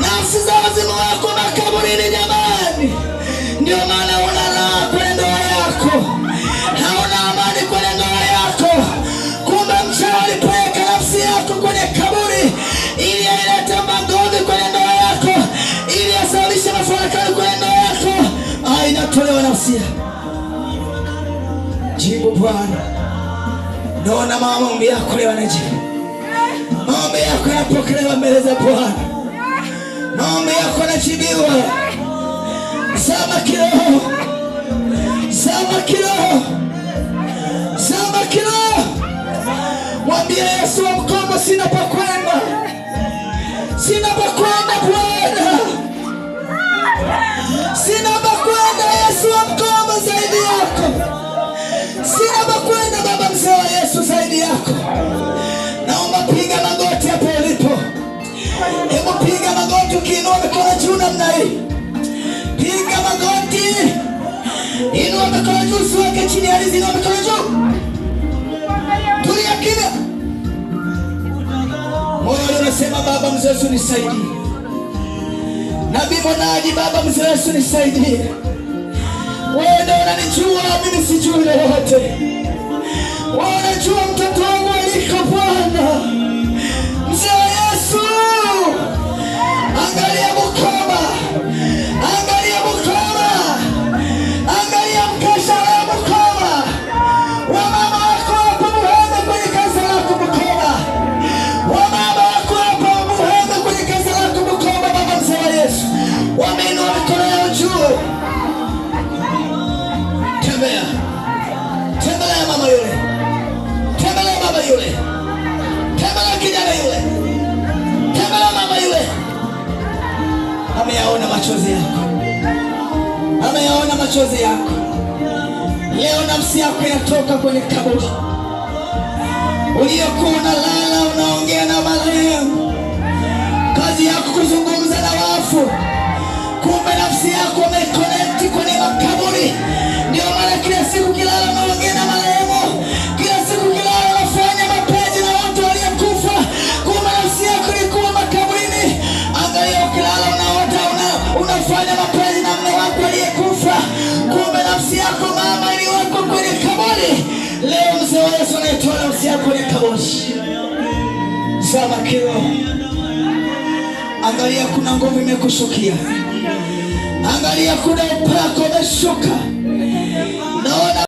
nafsi za wazimu wako makaburini. Jamani, ndio maana unalala kwenye ndoa yako, hauna amani kwenye ndoa yako. Kumbe mchawi alipoweka nafsi yako kwenye kaburi ili ailete magodhi kwenye ndoa yako, ili asababishe mafarakano kwenye ndoa yako, ainatolewa nafsi. Jibu Bwana, naona maombi yako leo yanajibu maombi yako yapokelewa mbele za Bwana, maombi yako yanajibiwa. hadithi ngapi tunazo? Tulia kila moyo unasema, Baba mzazi unisaidie. Nabii Bonaji, Baba mzazi unisaidie. Wewe ndio unanijua mimi, sijui lolote. Wewe unajua machozi yako, ameyaona machozi yako. Leo nafsi yako inatoka kwenye kaburi uliokuwa unalala, unaongea na marehemu, kazi yako kuzungumza na wafu, kumbe nafsi yako umekonekti kwenye makaburi. Ndio maana kila siku kilala unaongea na mabosi za makeo. Angalia, kuna nguvu imekusukia. Angalia, kuna upako umeshuka naona